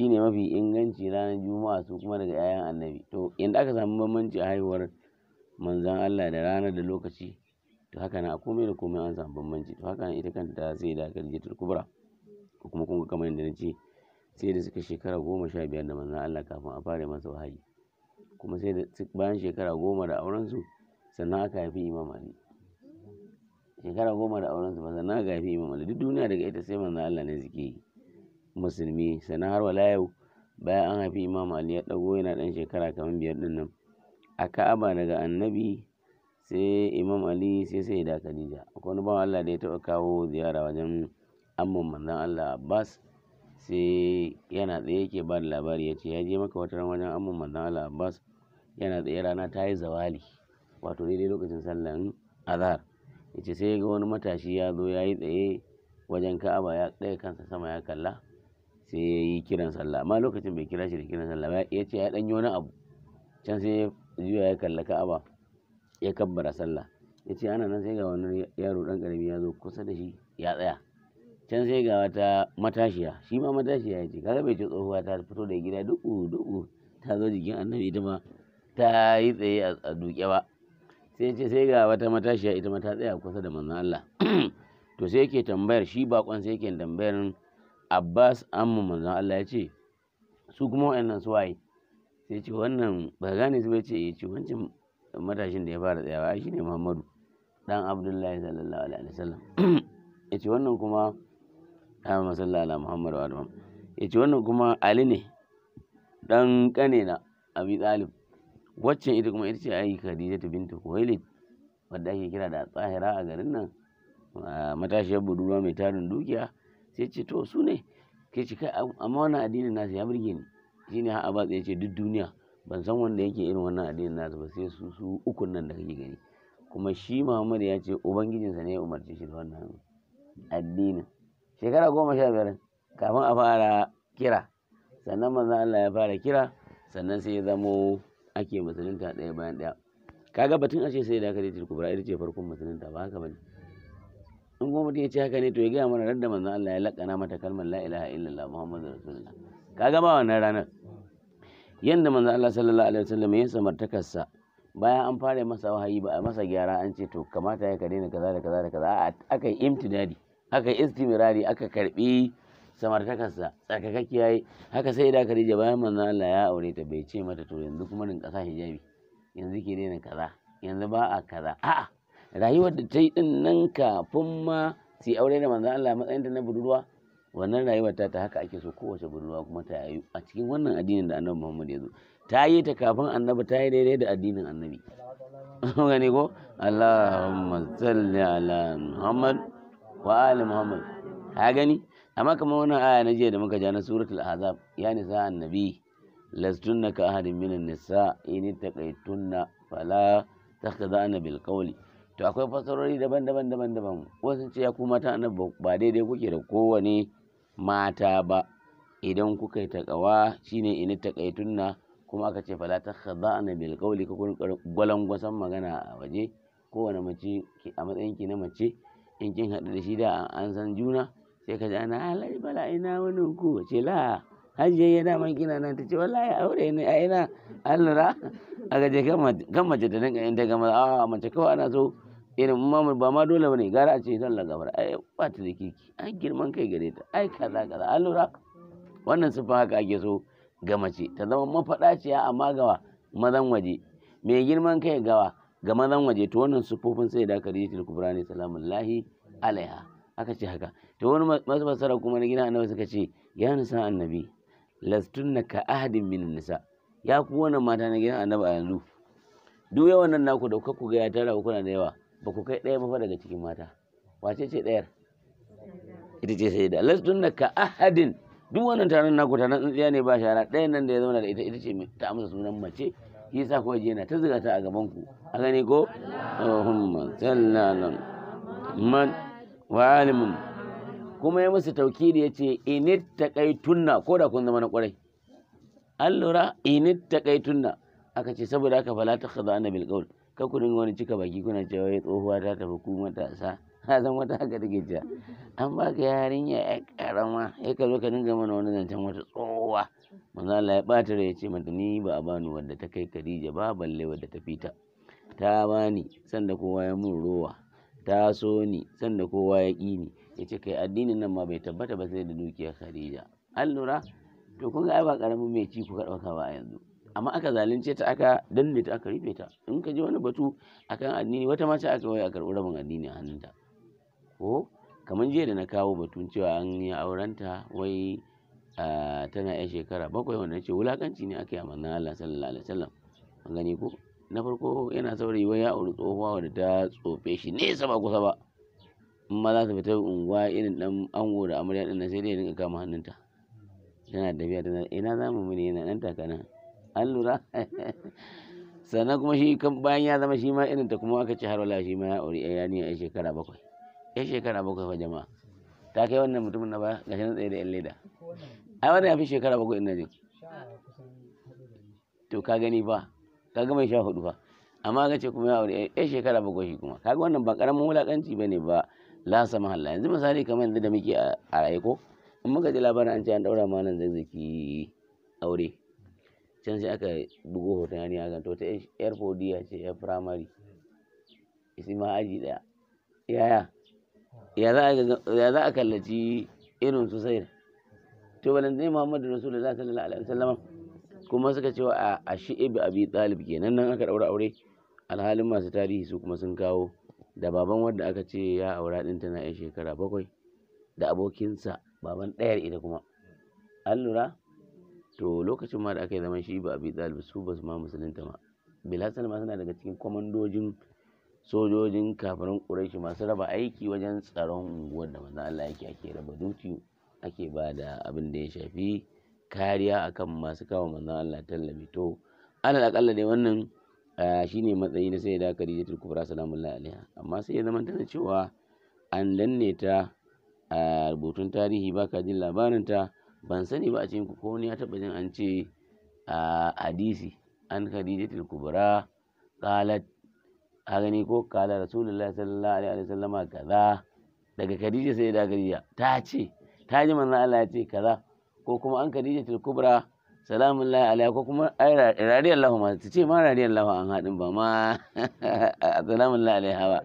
shine mafi inganci ranar Juma'a su kuma daga 'ya'yan annabi to yanda aka samu bambanci a haihuwar manzon Allah da ranar da lokaci to haka nan a komai da komai an samu bambanci to haka nan ita kanta sai da Khadijatul Kubra ko kuma kun ga kamar yadda na ce sai da suka shekara goma sha biyar da manzon Allah kafin a fara masa wahayi kuma sai da bayan shekara goma da auren su sannan aka haifi Imam Ali shekara goma da auren su sannan aka haifi Imam Ali duk duniya daga ita sai manzon Allah ne suke yi musulmi sannan har wala yau bayan an haifi imam ali ya ɗago yana ɗan shekara kamar biyar ɗin nan a ka'aba daga annabi sai imam ali sai sai da khadija akwai wani bawan allah da ya taɓa kawo ziyara wajen amman manzon allah abbas sai yana tsaye yake ba da labari ya ce ya je maka wata ran wajen amman manzon allah abbas yana tsaye rana ta yi zawali wato daidai lokacin sallan azhar ya ce sai ga wani matashi ya zo ya yi tsaye wajen ka'aba ya ɗaya kansa sama ya kalla sai ya yi kiran sallah amma lokacin bai kira shi da kiran sallah ya ce ya dan yi wani abu can sai ya zuwa ya kalla ka'aba ya kabbara sallah ya ce ana nan sai ga wani yaro dan karami ya zo kusa da shi ya tsaya can sai ga wata matashiya shi ma matashiya ya ce kaga bai ce tsohuwa ta fito da gida duku duku ta zo jikin annabi ita ma ta yi tsaye a duke ba sai ce sai ga wata matashiya ita ma ta tsaya kusa da manzon Allah to sai yake tambayar shi bakon sai yake tambayar Abbas amman manzon Allah ya ce su kuma waɗannan su waye sai ce wannan ba ne su bai ce ya ce eh, wancan matashin da ya fara tsayawa shi ne Muhammadu dan Abdullahi sallallahu alaihi wasallam ya ce wannan kuma Ahmad sallallahu alaihi Muhammadu wa sallam ya ce wannan kuma Ali ne dan kane na Abi Talib waccan ita kuma ita ce ai Khadijatu bintu Khuwailid wadda ake kira da tsahira a garin nan matashiyar budurwa mai tarin dukiya sai ce to su ne ke ce kai amma wannan addinin nasu ya burge ni shine har ba ya ce duk duniya ban san wanda yake irin wannan addinin nasu ba sai su su uku nan da kake gani kuma shi Muhammad ya ce ubangijinsa ne ya umarce shi da wannan addinin shekara goma sha biyar kafin a fara kira sannan maza Allah ya fara kira sannan sai ya zamo ake musulunta ɗaya bayan ɗaya kaga batun ashe sai da aka dace kubra ita ce farkon musulunta ba haka bane in kuma mutum ya ce haka ne to ya gaya mana radda manzon Allah ya lakana mata kalmar la ilaha illallah muhammadu rasulullah kaga ba wannan ranar yanda manzon Allah sallallahu alaihi wasallam ya samartakarsa bayan an fara masa wahayi ba a masa gyara an ce to kamata ya ka daina kaza da kaza da kaza aka yi imtidadi aka yi istimirari aka karbi samartakarsa tsarkakakki yayi haka sai da Khadija bayan manzon Allah ya aure ta bai ce mata to yanzu kuma nin kasa hijabi yanzu ke daina kaza yanzu ba a kaza a'a rayuwar da ta yi din nan kafin ma su aure da manzan Allah matsayin da na budurwa wannan rayuwar ta ta haka ake so kowace budurwa kuma ta yi a cikin wannan addinin da annabi Muhammad ya zo ta yi ta kafin annabi ta yi daidai da addinin annabi gani ko Allahumma salli ala Muhammad wa ali Muhammad ha gani amma kamar wannan aya na jiya da muka ja na suratul ahzab ya nisa annabi lastunna ka ahadin minan nisa in taqaytunna fala takhza'na bil qawli to akwai fasarori daban-daban daban-daban wasu ce ya ku mata annabi ba daidai kuke da kowane mata ba idan kuka yi takawa shine ini na kuma aka ce fala ta na bil qawli ka kun gwasan magana a waje kowane mace a matsayin ki na mace in kin haɗu da shi da an san juna sai ka ji ana alai bala ina wani ku ce la je ya daman kina nan ta ce wallahi aure ne a ina an lura a gaje kan mace ta nan in ta gama a mace kawai ana so irin ma ba ma dole bane gara a ce don lagabar ai ba ta da kirki ai girman kai gare ta ai kaza kaza an lura wannan sufa haka ake so ga mace ta zama mafaɗaciya amma gawa mazan waje mai girman kai gawa ga mazan waje to wannan siffofin sai da ka rijitul kubra ne salamullahi alaiha aka ce haka to wani masu fasara kuma na gina annabi suka ce ya nisa annabi lastunna ka ahadin min nisa ya ku wannan mata na gina annabi a yanzu duk yawan nan naku da kuka ku ga ya tara kuna da yawa ba ku kai ɗaya ba daga cikin mata wace ce ɗayar ita ce sai da lastunna ka ahadin duk wannan taron naku taron tsintsiya ne ba shara Ɗaya nan da ya zauna da ita ita ce ta amsa sunan mace yi sa kuwa na ta zuga ta a gaban ku a gani ko Allahumma sallallahu man wa alimun kuma ya musu ya ce init ta tunna ko da kun zama na kwarai allura init ta tunna aka ce saboda haka fala takhadha bil ka ku dinga wani cika baki kuna cewa ya tsohuwa ta tafi ku matasa ka san wata haka take cewa an ka yarinya ya karama ya ka ka dinga mana wani zancen wata tsohuwa manzo Allah ya bata rai ya ce mata ni ba a bani wadda ta kai Khadija ba balle wadda ta fita ta bani sanda kowa ya mun rowa ta so ni sanda kowa ya ƙi ni ya ce kai addinin nan ma bai tabbata ba sai da dukiyar Khadija an lura to kun ga ai ba karamin mai ci ku ka ɗauka ba a yanzu amma aka zalunce ta aka danne ta aka rufe ta in ka ji wani batu akan addini wata mace aka waya a karɓi rabin addini a hannunta ko kamar jiya da na kawo batun cewa an yi aurenta wai tana yan shekara bakwai wanda ce wulakanci ne aka yi a Allah sallallahu alaihi wasallam an gani ko na farko yana saurayi wai ya auri tsohuwa wanda ta tsofe shi nesa ba kusa ba in ma za ta fita unguwa irin dan ango da amarya din sai dai ya rinka kama hannunta tana da biya tana ina zamu mu ne yana dan takana an lura sannan kuma shi kan bayan ya zama shi ma irin ta kuma aka ci har wala shi ma ya aure ya ni a shekara bakwai ya shekara bakwai fa jama'a ta kai wannan mutumin na ba gashi nan tsaye da yan leda ai wannan ya fi shekara bakwai ina jin to ka gani fa ka ga mai sha hudu fa amma ka ce kuma ya aure ya shekara bakwai shi kuma kaga wannan ba karamin wulakanci bane ba la sama Allah yanzu misali kamar yanzu da muke a raye ko in muka ji labarin an ce an daura ma nan zazzaki aure can sai aka bugo hoton yarinya akan to ta yar fodiya ce yar firamare isi ma aji daya yaya ya za a kallaci irin su sai to balan zai muhammadu rasulullah sallallahu alaihi wasallam kuma suka cewa a shi'ib abi talib kenan nan aka daura aure alhalin masu tarihi su kuma sun kawo da baban wanda aka ce ya aura din tana yan shekara bakwai da abokinsa baban ɗayar ita kuma an lura to lokacin ma da aka yi zaman shi ba abi talib su ba su ma musulunta ma bilhassan ma suna daga cikin kwamandojin sojojin kafirin ƙuraishi masu raba aiki wajen tsaron unguwar da manzon Allah yake ake raba duti ake ba da abin da ya shafi kariya akan masu kawo manzon Allah tallafi to alal akalla dai wannan shine matsayi na sai da Khadijatul Kubra salamullahi alaiha amma sai ya zama tana cewa an danne ta rubutun tarihi baka jin labarin ta ban sani ba a cikin ku ko wani ya taba jin an ce a hadisi an khadijatul kubra qalat a gani ko kala rasulullahi sallallahu alaihi wasallama kaza daga khadija sai da gariya ta ce ta ji manzon Allah ya ce kaza ko kuma an khadijatul kubra salamun lahi alaiha ko kuma radiyallahu ma su ce ma radiyallahu an hadin ba ma salamun lahi alaiha ba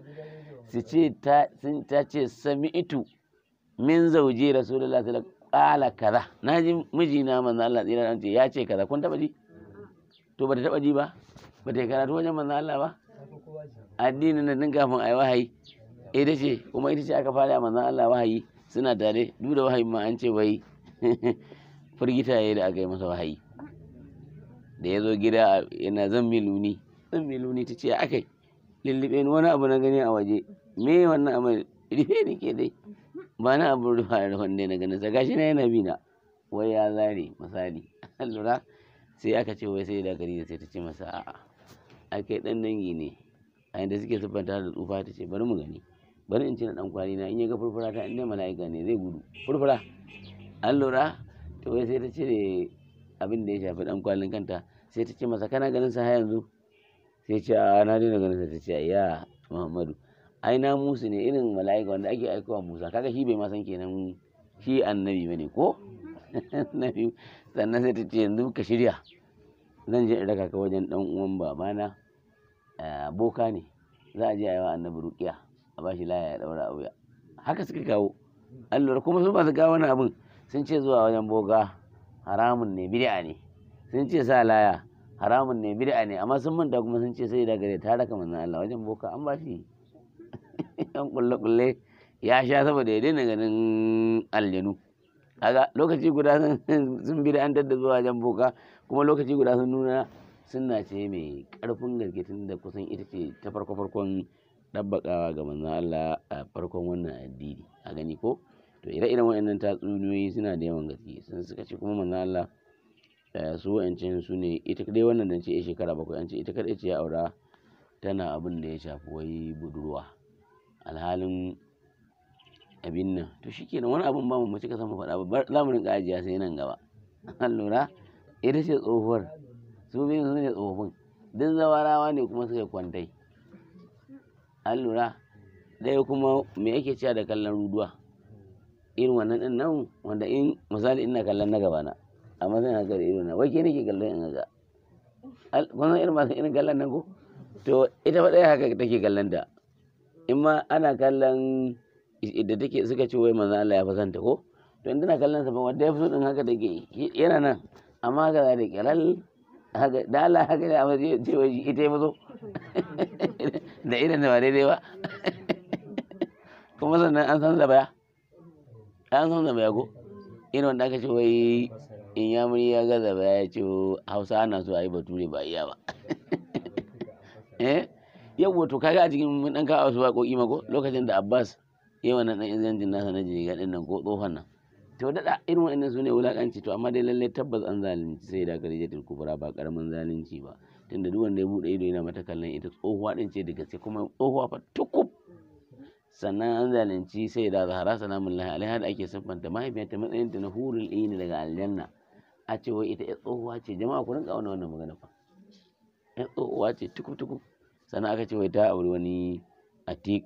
su ce ta ce sami'tu min zauji rasulullahi sallallahu kala kaza naji mijina manzo Allah tsira an ce ya ce kaza kun taba ji to bata taba ji ba bata yi karatu wajen manzo Allah ba addini na din kafin ai wahayi da ce kuma ita ce aka fara manzo Allah wahayi suna tare duk da wahayi ma an ce wai firgita yayi da aka yi masa wahayi da ya zo gida yana zan miluni zan miluni ta ce akai lullube ni wani abu na gani a waje me wannan amai rufe ni ke dai ba na abin rufa da wanda na ganin sa gashi na yana bi na wai ya zare misali lura sai aka ce wai sai da gari sai ta ce masa a'a ai kai dan dangi ne a yanda suke siffanta da tsufa ta ce bari mu gani bari in ce na dan kwari na in ya ga furfura ta inda mala'ika ne zai gudu furfura an lura to wai sai ta cire abin da ya shafi dan kwalin kanta sai ta ce masa kana ganin sa har yanzu sai ce a na daina ganin sa ta ce ya Muhammadu ai namusu ne irin mala'ika wanda ake aikowa Musa kaga shi bai ma san kenan shi annabi bane ko annabi sannan sai ta ce yanzu ka shirya zan je in raka ka wajen dan uwan babana eh, boka ne za a je a yi wa annabi ruqiya a bashi laya ya daura a wuya haka suka kawo allura kuma su masu kawo wani abin sun ce zuwa wajen boka haramun ne bid'a ne sun ce sa laya haramun ne bid'a ne amma sun manta kuma sun ce sai da gare ta raka manzon Allah wajen boka an ba shi yan kulle-kulle ya sha saboda ya daina ganin aljanu kaga lokaci guda sun bi da an tadda zuwa jan boka kuma lokaci guda sun nuna na ce mai karfin gaske tun da kusan ita ce ta farko farkon dabbakawa ga manzon Allah a farkon wannan addini a gani ko to ire-iren waɗannan tatsuniyoyi suna da yawan gaske sun suka ce kuma manzon Allah eh, su wa'ancin su ne ita dai wannan dan ce shekara bakwai an ce ita kadai ce ya aura tana abin da ya shafi wai budurwa alhalin abin nan to shikenan wani abin ba mu mu cika san mu faɗa ba za mu rinka ajiya sai nan gaba an lura ita ce tsohuwar su biyu su ne tsofaffin duk zawarawa ne kuma suka kwantai an lura ɗaya kuma me yake cewa da kallon ruduwa irin wannan ɗin nan wanda in misali ina kallon na gaba na amma zan haka da irin na wai ke nake kallon in haka kun san irin masu irin kallon nan ko to ita fa ɗaya haka take kallon da in ma ana kallon da take suka ce wai manzon Allah ya fi santa ko to in tana kallon sa ba wanda ya fi so din haka ke yana nan amma haka za da kiral haka da Allah haka da amma ce wai ita ya fi so da irin da ba daidai ba kuma sannan an san zabaya an san zabaya ko irin wanda aka ce wai in ya muri ya ga zabaya ya ce hausa ana so a yi bature ba iya ba eh yawwa to kaga a cikin mun dan kawo wasu waƙoƙi mako lokacin da Abbas wa wannan dan inzancin nasa na jiga din nan ko tsohon nan to dada irin waɗannan su ne wulakanci to amma dai lalle tabbas an zalunci sai da Khadijatul Kubra ba karamin zalunci ba tunda duk wanda ya bude ido yana mata kallon ita tsohuwa din ce daga sai kuma tsohuwa fa tukub sannan an zalunci sai da Zahra salamun lahi alaiha da ake siffanta mahaifiyarta matsayinta na hurul ini daga aljanna a ce wai ita ya tsohuwa ce jama'a ku rinka wannan magana fa ya tsohuwa ce tukub tukub sannan aka ce wai ta auri wani atik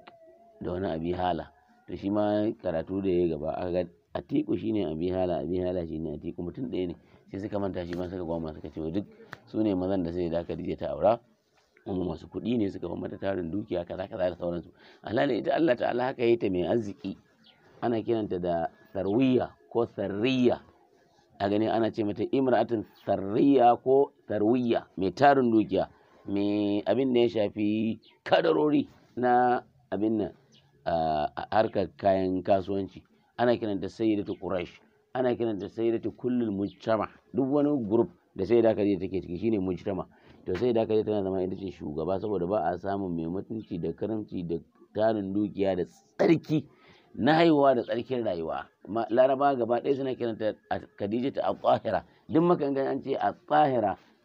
da wani abi hala to shi ma karatu da ya gaba aka ga atiku shine abi hala abi hala shine atiku mutum ɗaya ne sai suka manta shi ma suka gwamma suka ce duk su ne mazan da sai da aka dije ta aura kuma masu kuɗi ne suka mata tarin dukiya kaza kaza da sauransu alhali ita Allah ta'ala haka yi ta mai arziki ana kiranta da sarwiya ko sarriya a gani ana ce mata imra'atun sarriya ko sarwiya mai tarin dukiya me abin da ya shafi kadarori na abin nan harkar kayan kasuwanci ana kiranta sayyidatu quraish ana kiranta sayyidatu kullul mujtama duk wani group da sai da kaje take ciki shine mujtama to sai da kaje tana zama ita ce shugaba saboda ba a samun mai mutunci da karamci da tarin dukiya da tsarki na haihuwa da tsarkin rayuwa laraba gaba ɗaya suna kiranta khadija ta a duk maka an ce a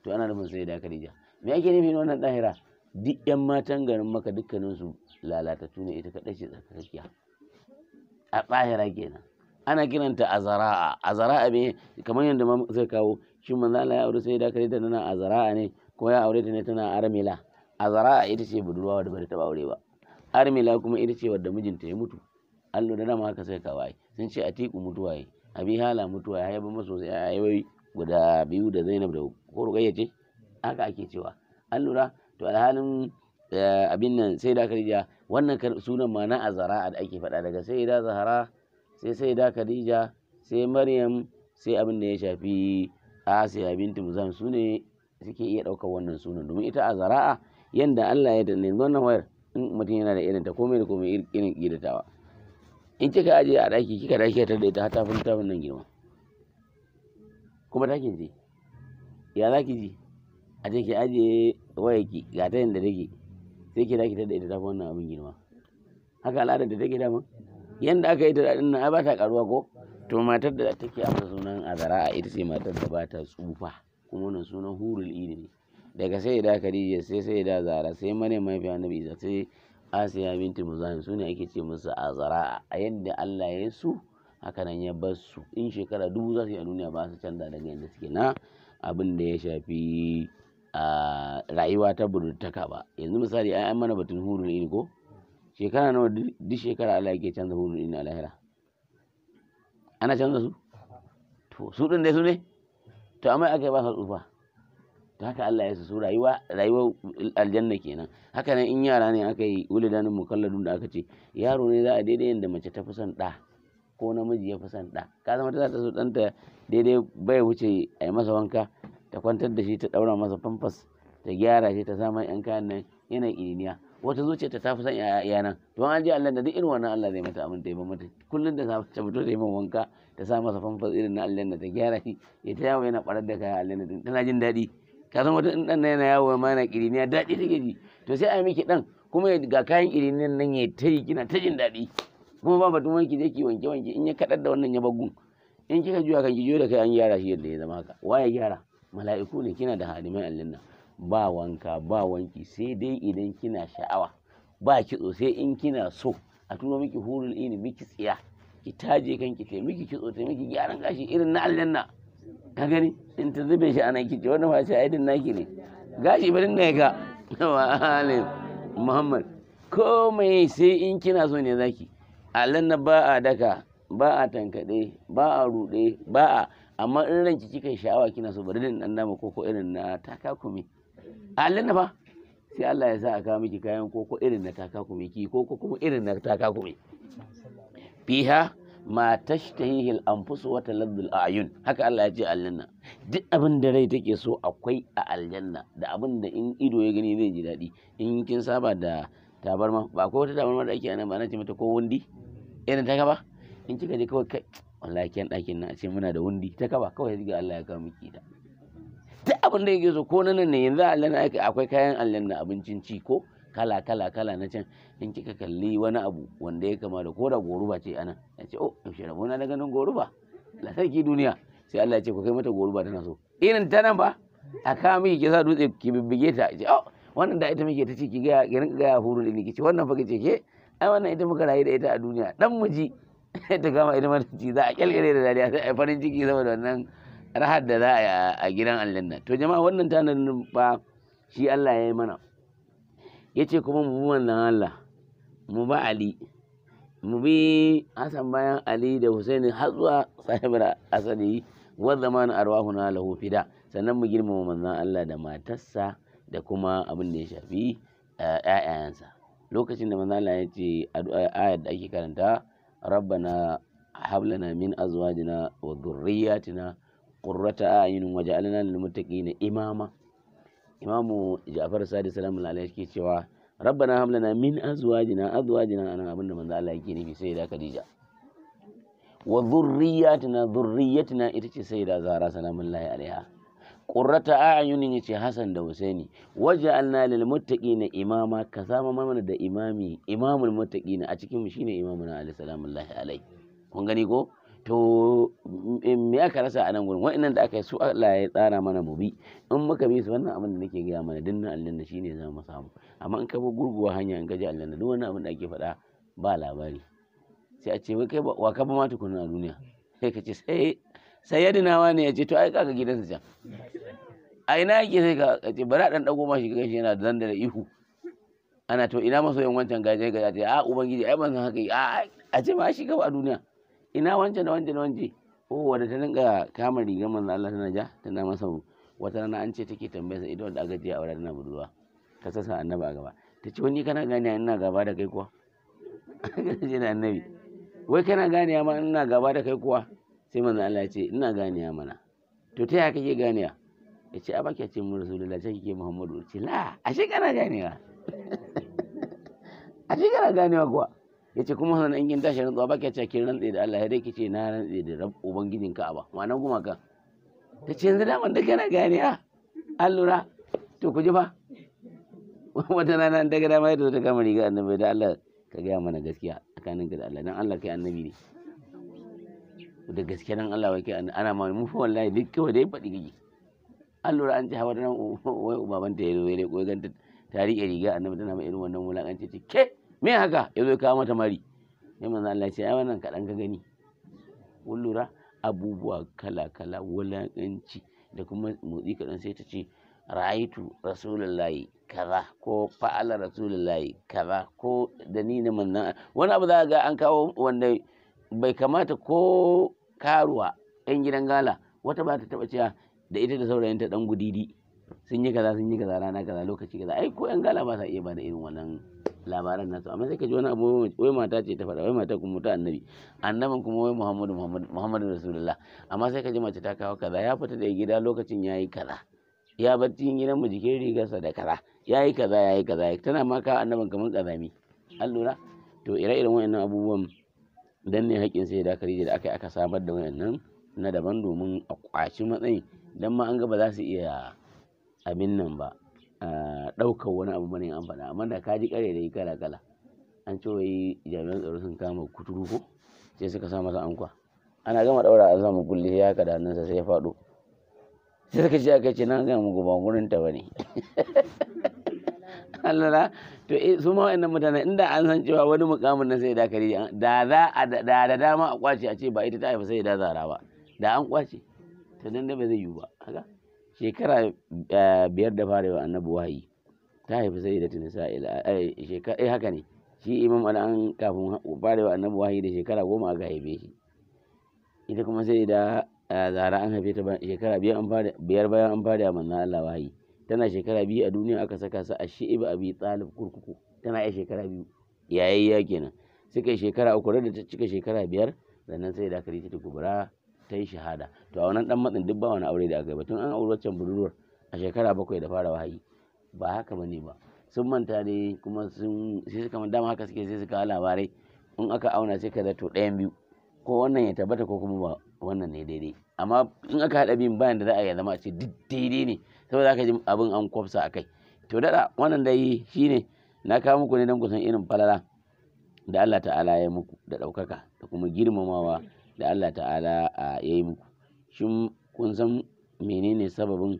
to ana nufin sai da khadija me ake nufi na wannan ɗahira duk yan matan garin maka dukkaninsu lalatattu ne ita kaɗai ce tsakakkiya a ɗahira kenan ana kiranta azara'a azara'a me kamar yadda mamu zai kawo shi manzo Allah ya aure sai da kare ta tana azara'a ne ko ya aure ta ne tana armila azara'a ita ce budurwa wadda bata taba aure ba armila kuma ita ce wadda mijinta ya mutu Allah da dama haka sai kawo ai sun ce atiku mutuwa yi abi hala mutuwa ya yaba maso ya yayi guda biyu da Zainab da ko rugayya ce haka ake cewa an lura to alhalin eh, abin nan sai da khadija wannan sunan ma na azara da ake faɗa daga sai da zahara sai sai da khadija sai maryam sai abin da ya shafi asiya binti muzam su ne suke iya ɗaukar wannan sunan domin ita azara'a yanda Allah ya danne wannan wayar in mutum yana da irin ta komai da komai irin kidatawa in kika aje a daki kika daki ta da ita ta fi ta nan girma kuma takin ji ya zaki ji a ce ki ajiye ki ga ta yadda take sai ki daki ta da ita ta wannan abin girma haka al'adar da take dama yanda aka yi ta daɗin nan ai ba ta karuwa ko to matar da take amsa sunan azara a ita ce matar da ba ta tsufa kuma wannan sunan hurul iri ne daga sai da khadija sai sai da zara sai mare mafi annabi isa sai asiya binti muzahim su ne ake ce musu azara a yadda allah ya su haka nan ya bar su in shekara dubu za su yi a duniya ba su canza daga yadda suke na abin da ya shafi rayuwa ta budurtaka ba yanzu misali ai an mana batun hurun ini ko shekara nawa duk shekara Allah yake canza hurun ini a lahira ana canza su to su din dai su ne to amma aka ba su tsufa to haka Allah ya su su rayuwa rayuwa aljanna kenan haka nan in yara ne aka yi wulidanin mukalladun da aka ce yaro ne za a daidai yanda mace ta fi son da ko namiji ya fi son da ka zama ta za ta so ɗanta daidai bai wuce a yi masa wanka ta kwantar da shi ta daura masa famfas ta gyara shi ta samun yan kayan nan yana ƙiniya wata zuciya ta tafi son yaya nan to an ji Allah da duk irin wannan Allah zai mata abin da ya mata kullun da safe ta fito da yi wanka ta sa masa famfas irin na Allah da ta gyara shi ya ta yawo yana barar da kaya Allah din tana jin daɗi ka san wata dan yana yawo ma yana ilimiya daɗi take ji to sai a miki dan kuma ga kayan ƙiriniyan nan ya ta yi kina ta jin daɗi kuma ba batun wanki je ki wanke wanke in ya kaɗar da wannan ya bagun in kika juya kan ki juya da kai an gyara shi yadda ya zama haka wa ya gyara mala'iku ne kina da halimai allinna ba wanka ba wanki sai dai idan kina sha'awa ba kitso sai in kina so a turo miki hurul ini miki tsiya ki taje kanki ta miki kitso ta miki gyaran gashi irin na aljanna ka gani in ta zube shi ana kici wannan ba sai aidin naki ne gashi barin ne ga wa muhammad komai sai in kina so ne zaki aljanna ba a daka ba a tankade ba a rude ba a amma in ranki kika yi sha'awa kina so bari din dan nama koko irin na takakumi a Allah fa sai Allah ya sa a kawo miki kayan koko irin na takakumi ki koko kuma irin na takakumi fiha ma tashtahihi al-anfusu wa taladdu al-ayun haka Allah ya ce a nan duk abin da rai take so akwai a aljanna da abin da in ido ya gani zai ji daɗi in kin saba da tabarma ba akwai wata tabarma da ake nan ba na ce mata ko wundi irin ta ba in kika je kawai wallahi kyan ɗakin na ce muna da wundi ta kaba kawai ga Allah ya kawo miki ita duk abin da yake so ko nan ne yanzu Allah na akwai kayan Allah na abincin ci ko kala kala kala na can in kika kalli wani abu wanda ya kama da ko da goruba ce anan ya ce oh yaushe rabo na da ganin goruba la sarki duniya sai Allah ya ce ku kai mata goruba tana so irin ta nan ba a kawo miki ki sa dutse ki bibbige ta ce oh wannan da ita muke ta ce ki ga ki ga huru da ki ce wannan fa ki ce ke ai wannan ita muka rayu da ita a duniya dan miji ta gama ciki za a kyalkyale da dariya sai a farin ciki saboda wannan rahar da za a yi a gidan aljanna to jama'a wannan tanadin ba shi Allah ya yi mana ya ce kuma mu bi wannan Allah mu ba Ali mu bi Hassan bayan Ali da Husaini har zuwa sahibar asali wa arwahu na lahu fida sannan mu girmama manzon Allah da matarsa da kuma abin da ya shafi ‘ya'yayansa eh, lokacin da allah ya ce ayar da ake karanta rabbana hab lana min azwajina wa dhurriyyatina qurrata a'yunin waj'alna lil muttaqina imama imamu Ja'far Sadi salamu alaihi yake cewa rabbana hab lana min azwajina azwajina ana abinda manzo Allah yake nufi sai da kadija wa dhurriyyatina dhurriyyatina ita ce sai da Zahra salamu alaihi alaiha qurrata a'yunin yace Hassan da Husaini waj'alna lil muttaqina imama ka zama mana da imami imamul muttaqina a cikin mu shine imamuna salamu Allah alai kun gani ko to me aka rasa a nan gurin wa'annan da aka yi su Allah ya tsara mana mu bi in muka bi su wannan abin da nake gaya mana dinnan aljanna shine za mu samu amma in ka bi gurguwa hanya in ka ji duk wani abin da ake faɗa ba labari sai a ce wai kai wa ka ba ma tukunna a duniya sai ka ce sai dina wani ya ce to ai kaka gidansa can a ina yake sai ka ce bari a dan dago ma shi shi yana zanda da ihu ana to ina masoyin wancan gaje ga ce a ubangiji ai ban san haka a a ce ma shi gaba a duniya ina wancan da wancan da wancan ko oh, wanda ta dinga kama rigar manzo Allah tana ja tana masa wata rana an ce take tambayar sa idan da aka je a wurin na budurwa ka sasa annabi a gaba ta ce wani kana gane ina gaba da kai kuwa ga je na annabi wai kana gane ma ina gaba da kai kuwa sai manzo Allah ya ce ina ganiya mana to ta yaya kake ganiya ya ce a baki ce mu rasulullah sai kike muhammadu ce la ashe kana ganewa ashe kana ganiya kuwa ya ce kuma sanan in kin tashi rantsuwa baki ce kin rantse da Allah ya dai kice na rantse da rab ubangijin Ka'aba ma'anar ka ta ce yanzu daman da kana ganiya allura to ku ji fa wata rana daga dama ya ta kama riga annabi da Allah ka gaya mana gaskiya tsakaninka da Allah dan Allah kai annabi ne da gaske nan Allah wake ana ma mu fa wallahi duk kawai dai faɗi gigi an lura an ci hawa nan wai baban ta yayi wai ko ganta ta rike riga annabi tana mai irin wannan wulakanci ce ke me haka yazo ya kawo mata mari sai manzo Allah ya ce ai wannan kadan ka gani kun lura abubuwa kala kala wulakanci da kuma motsi kadan sai ta ce ra'aitu rasulullahi kaza ko fa'ala rasulullahi kaza ko da ni ne manzon wani abu za ga an kawo wanda bai kamata ko karuwa yan gidan gala wata ba ta taba cewa da ita da saurayinta dan gudidi sun yi kaza sun yi kaza rana kaza lokaci kaza ai ko yan gala ba sa iya bada irin wannan labaran nasu amma sai ka ji wani abu wai mata ce ta faɗa wai mata kuma ta annabi annaban kuma wai muhammadu muhammadu rasulullah amma sai ka ji mace ta kawo kaza ya fita da gida lokacin ya yi kaza ya bacci gidan mu jikin rigarsa da kaza ya yi kaza ya yi kaza tana ma kawo annaban kamar kazami an lura to ire-iren wayannan abubuwan dan ne haƙƙin sai da Khadija da aka aka samar da wayannan na daban domin a kwaci matsayin dan ma an ga za su iya abin nan ba ɗaukar wani abu bane an faɗa amma da kaji kare da kala kala an ce wai jami'an tsaro sun kama kuturu ko sai suka sa masa ankwa ana gama ɗaura a zama kulle ya ka da sai ya faɗo sai suka ce aka ce na ga mu gurin ta bane Allah to eh, su ma wa'annan mutane inda an san cewa wani mukamin na sai da kare da za da da dama a kwace a ce ba ita ta haifa sai da Zara ba da an kwace to nan da ba zai yiwu ba haka shekara eh, biyar da farewa annabi wahayi ta haifa sai da tunisa eh, shekara eh haka ne shi imam an kafin farewa annabi wahayi da shekara goma aka haife shi ita kuma sai da zara an haife ta shekara biyar bayan an fara manna Allah wahayi tana shekara biyu a duniya aka saka su a ibi abi talib kurkuku tana ya shekara biyu Yayi ya kenan suka yi shekara uku da ta cika shekara biyar sannan sai da kare ta kubura ta yi shahada to a wannan dan matsin duk ba wani aure da aka yi ba, tun an aure wancan budurwar a shekara bakwai da fara wahayi ba haka bane ba sun manta ne kuma sun sai suka dama haka suke sai suka labarai in aka auna sai ka to ɗayan biyu ko wannan ya tabbata ko kuma ba. wannan ne daidai amma in aka haɗa bin bayan da za a yi zama a ce duk daidai ne saboda aka ji abin an kwafsa a kai to daɗa wannan dai ne na kawo muku ne don kusan irin falala da Allah ta'ala ya muku da ɗaukaka da kuma girmamawa da Allah ta'ala ya yi muku shin kun san menene sababin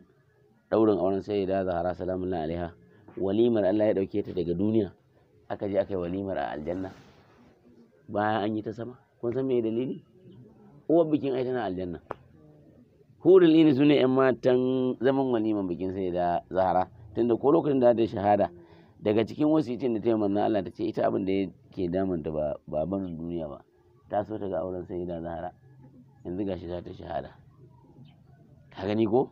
ɗaurin auren sai da zahara salamun alaiha walimar Allah ya dauke ta daga duniya aka je aka yi walimar a aljanna bayan an yi ta sama kun san me dalili uwar bikin ai tana aljanna hurin ini su ne 'yan matan zaman waliman bikin sai da zahara tunda ko lokacin da ta shahada daga cikin wasu yace da ta yi manna Allah ta ce ita abin da yake damunta ba ba barin duniya ba ta so ta ga auren sai da zahara yanzu gashi za ta shahada ka gani ko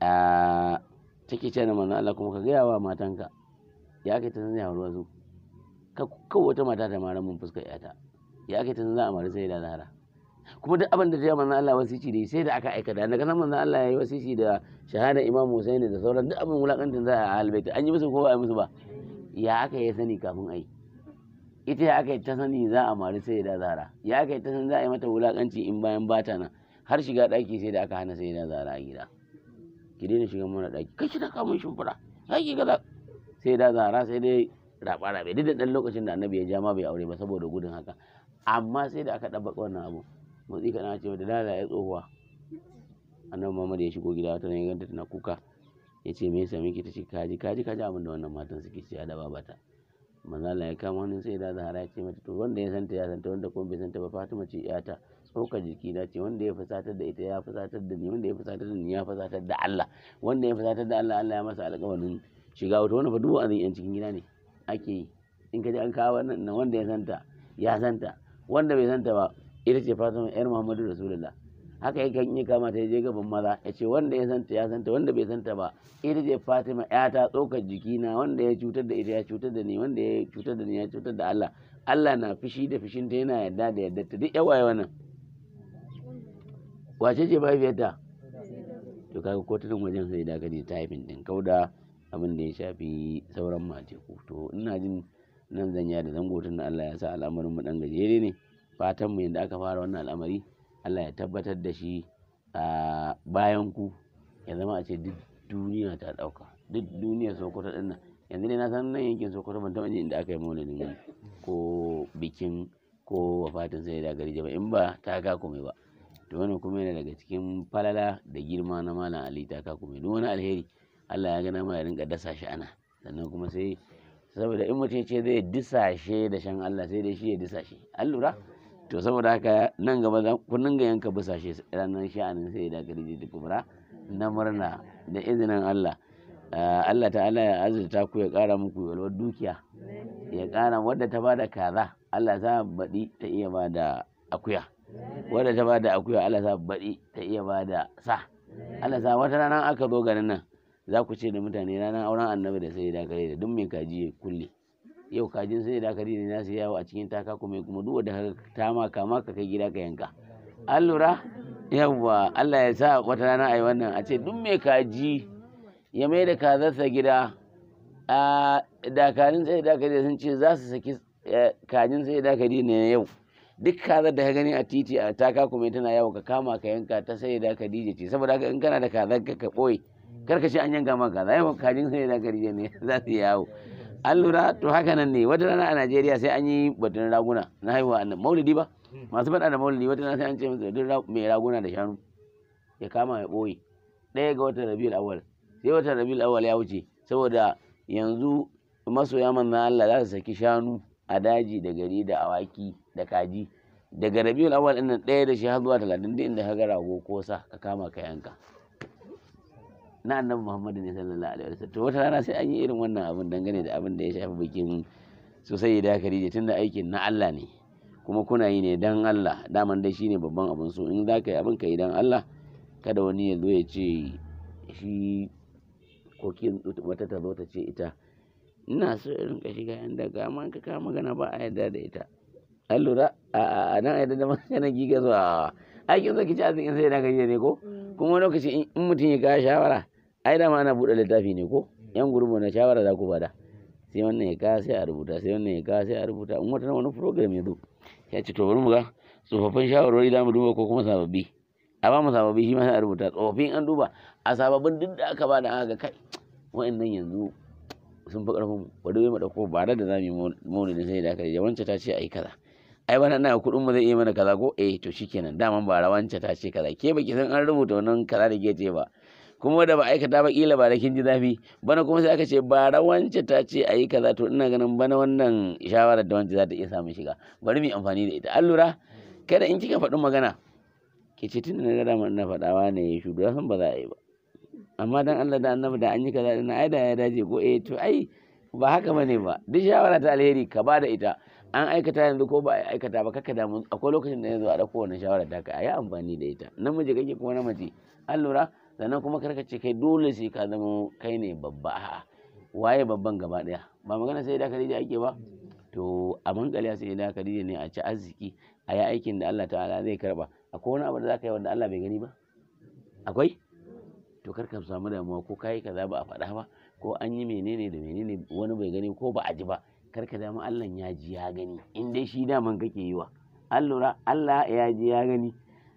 a take ce da manna Allah kuma ka gaya wa matanka ya kai ta san zai haruwa zu ka wata mata ta mara mun fuskar yata ya kai ta san za a mara sai da zahara kuma duk abin da ya manzon Allah wasici da sai da aka aikata na ga manzon Allah ya yi wasici da shahada Imam ne da sauran duk abin wulakantin za a halbaita an yi musu ko ba a yi musu ba ya aka yi sani kafin ai ita ya aka yi ta sani za a mari sai da zara ya aka yi ta sani za a yi mata wulakanci in bayan bata na har shiga daki sai da aka hana sai da zara a gida ki daina shiga mana daki kai shi da kamun shimfura sai gaza sai da zara sai dai raba rabe duk da ɗan lokacin da annabi ya ja ma bai aure ba saboda gudun haka amma sai da aka dabbaka wannan abu motsi kaɗan ce da lala ya tsohuwa annabi Muhammad ya shigo gida wata ya ganta tana kuka ya ce me yasa miki tace kaji kaji kaji abin da wannan matan suke ci da babata manzo Allah ya kama hannun sai da Zahra ya ce mata to wanda ya santa ya santa wanda kuma bai santa ba Fatima ce iyata tsoka jiki na ce wanda ya fusatar da ita ya fusatar da ni wanda ya fusatar da ni ya fusatar da Allah wanda ya fusatar da Allah Allah ya masa alƙawarin shiga wata wani fa duk wa'azin yan cikin gida ne ake yi in ka ji an kawo wannan wanda ya santa ya santa wanda bai santa ba ita ce fatima yar muhammadu rasulullah haka yakan yi kama ta je gaban maza ya ce wanda ya santa ya santa wanda bai santa ba ita ce fatima ya ta tsokar jikina wanda ya cutar da ita ya cutar da ni wanda ya cutar da ni ya cutar da allah allah na fishi da fishin ta yana yadda da yadda ta duk yawa wannan wace ce mahaifiyarta to kaga ko ta wajen sai da ne ta haifin din kauda abin da ya shafi sauran mace to ina jin nan zanya da zango tun Allah ya sa al'amarin mu dan gajere ne fatan mu yadda aka fara wannan al'amari Allah ya tabbatar da shi a bayan ku ya zama a ce duk duniya ta dauka duk duniya Sokoto din nan yanzu ne na san nan yankin Sokoto ban taɓa inda aka yi maulidin ko bikin ko wafatin sai da gari ba in ba ta ka kuma ba to wannan kuma yana daga cikin falala da girma na malam Ali ta ka kuma duk wani alheri Allah ya gana mana rinka dasa shi ana sannan kuma sai saboda in mutum ce zai disashe da shan Allah sai dai shi ya disashe an lura to saboda haka nan gaba kun ga yanka busashe ranar sha'anin sai da gari da kubra na murna da izinin Allah ah, Allah ta'ala ya azurta ku ya ƙara muku yalwar dukiya ya ƙara wadda ta bada kaza Allah za baɗi ta iya bada akuya wadda ta bada akuya Allah za baɗi ta iya bada sa Allah sa wata rana aka zo garin nan za ku ce da mutane ranar auren annabi da sai da gari da duk mai kaji ya kulle yau kajin sai da kadi ne nasu yawo a cikin taka kuma kuma duk wanda ka ma kama ka kai gida ka yanka an lura Allah ya sa wata rana ai wannan a ce duk mai kaji ya mai da kazarsa gida a dakarin sai da kadi sun ce za su saki eh, kajin sai da kadi ne yau duk kazar da ka gani a titi a taka kuma tana yawo ka kama ka yanka ta sai da kadije ce saboda haka in kana da kazar ka ka boye kar ka ce an yanka maka kaza yau kajin sai da kadije ne za su yawo an lura to haka nan ne wata rana a najeriya sai an yi batun raguna na haihuwa annan maulidi ba hmm. masu faɗa da maulidi wata rana sai an ce masa duk mai raguna da shanu ya kama ya ɓoye ɗaya ga watan rabiul awal sai watan rabiul awal ya wuce saboda yanzu masoya na Allah za su saki shanu a daji da gari da awaki da kaji daga rabiul awal ɗin ɗaya da shi har zuwa talatin duk inda ka ga rago ko sa ka kama ka yanka na annabi muhammadu ne sallallahu alaihi wasallam to wata rana sai an yi irin wannan abin dangane da abin da ya shafi bikin sosai da Khadija tunda aikin na Allah ne kuma kuna yi ne dan Allah daman dai shine babban abin so in za ka yi abin ka yi dan Allah kada wani ya zo ya ce shi kokin wata ta zo ta ce ita ina so irin ka shiga yan daga amma ka kama magana ba a yarda da ita an lura a nan yarda da magana giga zuwa aikin zaki ci azikin sai da gajiya ne ko mm. kuma lokaci in mutum ya ga shawara ai da ma ana buɗe littafi ne ko yan gurbin na shawara za ku bada sai wannan ya kawo sai a rubuta sai wannan ya kawo sai a rubuta in wata wani program ya zo ya ce to bari mu ga tsofaffin shawarwari za mu duba ko kuma sababbi a ba mu sababbi shi ma sai a rubuta tsofaffin an duba a sababbin duk da aka bada aka ga kai wa'annan yanzu sun fi ƙarfin mu bari mu ɗauko ba da za mu yi maulidin sai da aka yawanci wancan ta ce ai kaza ai bana na kuɗin mu zai iya mana kaza ko eh to shikenan daman ba rawanci ta ce kaza ke baki san an rubuta wannan kaza da ke ce ba kuma da ba aikata ba kila ba da kin ji zafi bana kuma sai aka ce ba wance ta ce a yi kaza to ina ganin bana wannan shawarar da wance za ta iya samun shiga bari mu amfani da ita an lura kada in kika faɗi magana ke ce tun da na dama ina faɗawa ne ya shudu san ba za a yi ba amma dan Allah da annabi da an yi kaza ina ai da ya dace ko eh to ai ba haka bane ba duk shawara ta alheri ka ba da ita an aikata yanzu ko ba a aikata ba kakka damu akwai lokacin da ya zo a ɗauko wannan shawara ta ka a yi amfani da ita namiji kake ko na mace an lura sannan kuma karka ce kai dole sai ka zama kai ne babba a'a waye babban gaba daya ba magana sai da kadija ake ba to a mankaliya sai da kadija ne a ci arziki a yi aikin da Allah ta'ala zai karba akwai wani abu da zaka yi wanda Allah bai gani ba akwai to kar ka samu damuwa ko kai kaza ba a faɗa ba ko an yi menene da menene wani bai gani ko ba a ji ba karka ka Allah ya ji ya gani in dai shi daman kake yi wa Allah ya ji ya gani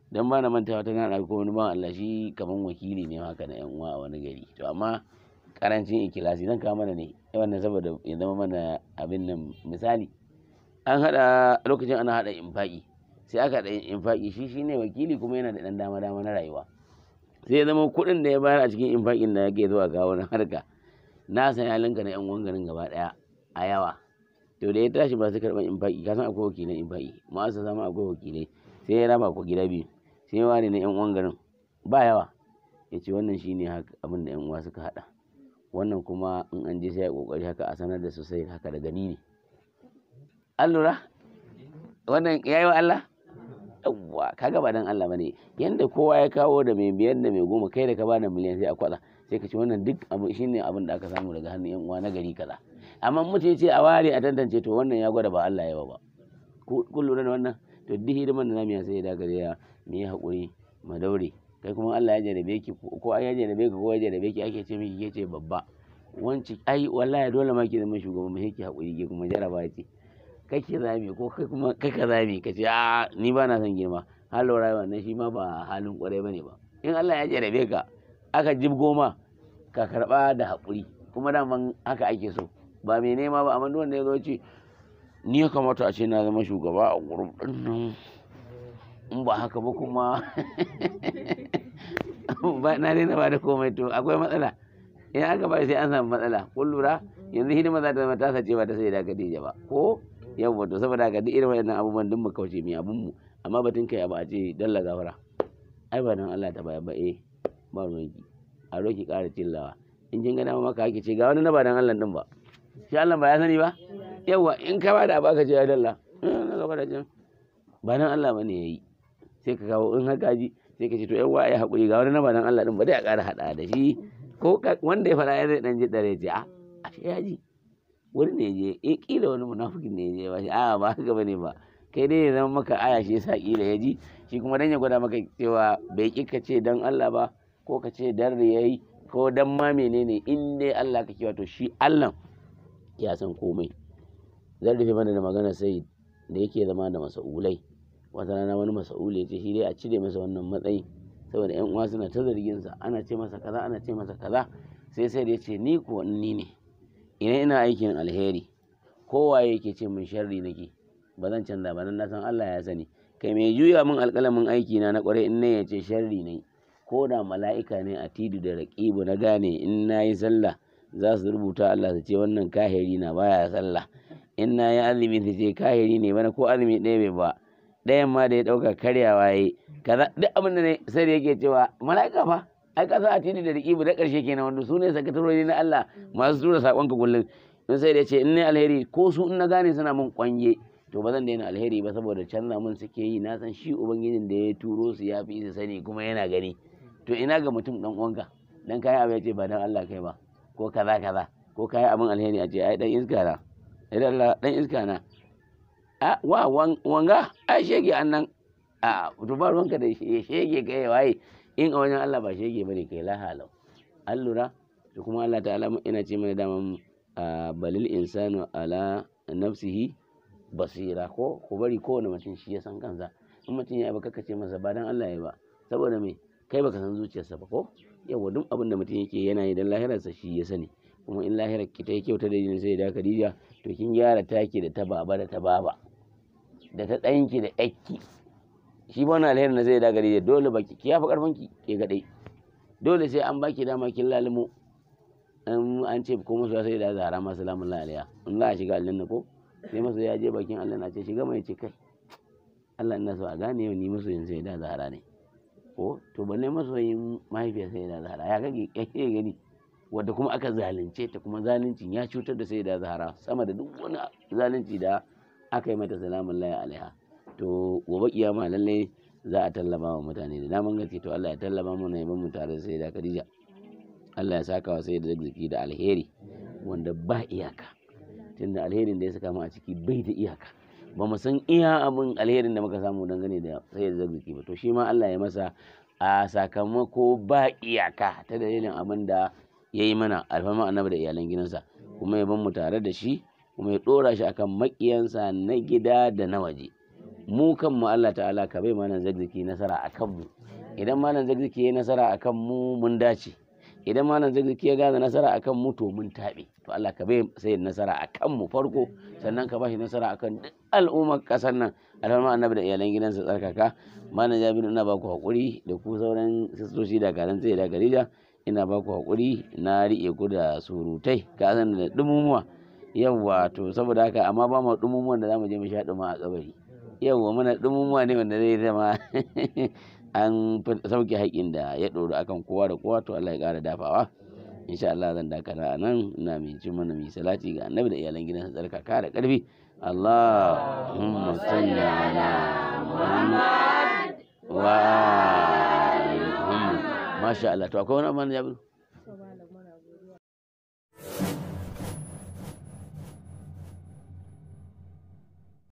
dan ba na mantawa ta na ko wani ban Allah shi kaman wakili ne haka na yan uwa a wani gari to amma karancin ikilasi zan kawo mana ne wannan saboda ya zama mana abin nan misali an hada lokacin ana hada infaki sai aka hada infaki shi shine wakili kuma yana da dan dama dama na rayuwa sai ya zama kuɗin da ya bayar a cikin infakin da yake zuwa kawo na harka na san yalinka na yan uwan garin gaba daya a yawa to da ya tashi ba su karɓar infaki ka san akwai wakilai infaki ma'asa ma akwai wakilai sai ya raba ku gida biyu sai ya ware na yan uwan garin ba yawa ya ce wannan shine abin da yan uwa suka haɗa wannan kuma in an je sai ya kokari haka a sanar da su sai haka da gani ne an lura wannan yi wa Allah yawwa kaga ba dan Allah bane yanda kowa ya kawo da mai biyar da mai goma kai da ka bada miliyan sai a kwada sai ka ce wannan duk abu shine abin da aka samu daga hannun yan uwa na gari kaza amma mutum ce a ware a tantance to wannan ya gwada ba Allah ya ba ba kun lura da wannan to duk hidiman da namiya sai ya dagare ya mu yi haƙuri mu daure kai kuma Allah ya jarabe ki ko ai ya jarabe ka ko ya jarabe ki ake ce miki ke ce babba wanci ai wallahi dole ma ki zama shugaban mu ki haƙuri ki kuma jaraba ce kai ki zame ko kai kuma kai ka zame ka ce a ni ba na son girma halin rayuwa na shi ma ba halin kwarai bane ba in Allah ya jarabe ka aka jib goma ka karba da haƙuri kuma daman haka ake so ba mai nema ba amma wanda ya zo ce ni ya kamata a ce na zama shugaba a gurbin nan in ba haka ba kuma ba na daina ba da komai to akwai matsala in aka ba sai an samu matsala kun lura yanzu hidima za ta zama ta sace ba ta sai da Khadija ba ko yawwa to saboda haka duk irin wannan abubuwan din mu kauce mu abun mu amma batun kai ba a ce dalla gafara ai ba nan Allah ta baya ba eh ba roki a roki ƙara tillawa in kin gana maka kake ce ga wani na ba dan Allah din ba shi Allah ba ya sani ba yawwa in ka ba da ka ce ya dalla eh, ba nan Allah bane yayi sai ka kawo in haka ji sai ka ce to yan wa ya haƙuri ga wani na banan Allah din ba dai a ƙara haɗa da shi ko wanda ya faɗa yana dan ji ce a ah, a ya ji wani ne je eh kila wani munafikin ne je ba shi a ba haka bane ba kai dai ya zama maka aya shi yasa kila ya ji shi kuma dan ya gwada maka cewa bai ki ka ce dan Allah ba ko ka ce dan riyayi ko dan ma menene in dai Allah kake wato shi Allah ya san komai zan rufe mana da magana sai da yake zama da masa'ulai wata rana wani masa'uli ya ce shi dai a cire masa wannan matsayi saboda yan uwa suna ta zargin sa ana ce masa kaza ana ce masa kaza sai sai da ya ce ni ko ni ne ina ina aikin alheri kowa yake ce min sharri nake ba zan canza ba nan na san Allah ya sani kai mai juya min alƙalamin aiki na na kwarai in ne ya ce sharri ne ko da mala'ika ne a tidu da raqibu na gane in nayi sallah za su rubuta Allah su ce wannan kahiri na baya sallah in na azumi su ce kahiri ne bana ko azumi ɗaya bai ba ɗayan ma da ya ɗauka karyawa ya yi kaza duk abin da sai da yake cewa mala'ika fa ai ka sa a tini da riƙibu da ƙarshe kenan wanda su ne sakatarori na Allah masu tura saƙonka kullum in sai da ce in ne alheri ko su in na gane suna mun kwange to ba zan daina alheri ba saboda canza mun suke yi na san shi ubangijin da ya turo su ya fi su sani kuma yana gani to ina ga mutum dan uwanka dan kai abu ya ce ba dan Allah kai ba ko kaza kaza ko kai abin alheri a ce ai dan iska na iska na Ah, wa wanga ai shege annan ah, a dubar wanka da shege kai eh, waye in a wajen Allah ba shege bane kai lahala allura lura da kuma Allah ta'ala ina ce mana daman ah, balil insanu ala nafsihi basira ko ku bari kowane mutum shi ya san kansa in mutum ya yi baka ce masa ba dan Allah ya ba saboda me kai baka san zuciyarsa ba ko yawa duk abin mutum yake yana yi dan lahirarsa shi ya sani kuma in lahirar ki ta yi kyauta da sai da Khadija to kin gyara take da ta baba da ta baba da ta ɗanki da ƴakki shi ba na alherin da zai da gare dole baki ki yafi karfin ki ke gadai dole sai an baki dama kin lalimo an ce ko masu sai da zara masu lamun laliya in za a shiga na ko sai masu ya je bakin Allah na ce shiga mai ce kai Allah na so a gane yau ni yin sai da zara ne ko to ne masu yin mahaifiyar sai da zara ya kage kake gani wadda kuma aka zalunce ta kuma zaluncin ya cutar da sai da zara sama da duk wani zalunci da aka yi mata salamun layi alaiha to gobe kiyama lalle za a tallama wa mutane da daman gaske to Allah ya tallama mu na mu tare sai da Khadija Allah ya saka wa sai da da alheri wanda ba iyaka tunda alherin da ya saka mu a ciki bai da iyaka ba mu san iya abin alherin da muka samu dangane da sai da zaki ba to shi ma Allah ya masa a sakamako ba iyaka ta dalilin abin da ya yi mana alfama annabi da iyalan gidansa kuma ya ban mu tare da shi kuma ya ɗora shi akan maƙiyansa na gida da na waje mu kanmu Allah ta'ala ka bai malam zagzaki nasara a kanmu idan malam zagzaki ya nasara a kanmu mun dace idan malam zagzaki ya gaza nasara a kanmu to mun tabe to Allah ka bai sai nasara a kanmu farko sannan ka ba shi nasara akan duk al'ummar ƙasar nan Alhamdulillah annabi da iyalan gidansa tsarkaka malam jami'in ina ba ku haƙuri da ku sauran sistoci da garin tsaye da garija ina ba ku haƙuri na riƙe ku da surutai ka san da dumumuwa yawwa to saboda haka amma ba mu dumumuwa da zamu je mu sha duma a kabari yawwa muna dumumuwa ne wanda zai zama an sauke haƙin da ya ɗoro akan kowa da kowa to Allah ya ƙara dafawa insha Allah zan daka a nan ina mai cin mana mai salati ga annabi da iyalan gidansa ka da ƙarfi Allahumma salli ala Muhammad wa ali Muhammad masha Allah to akwai wani ya jabiru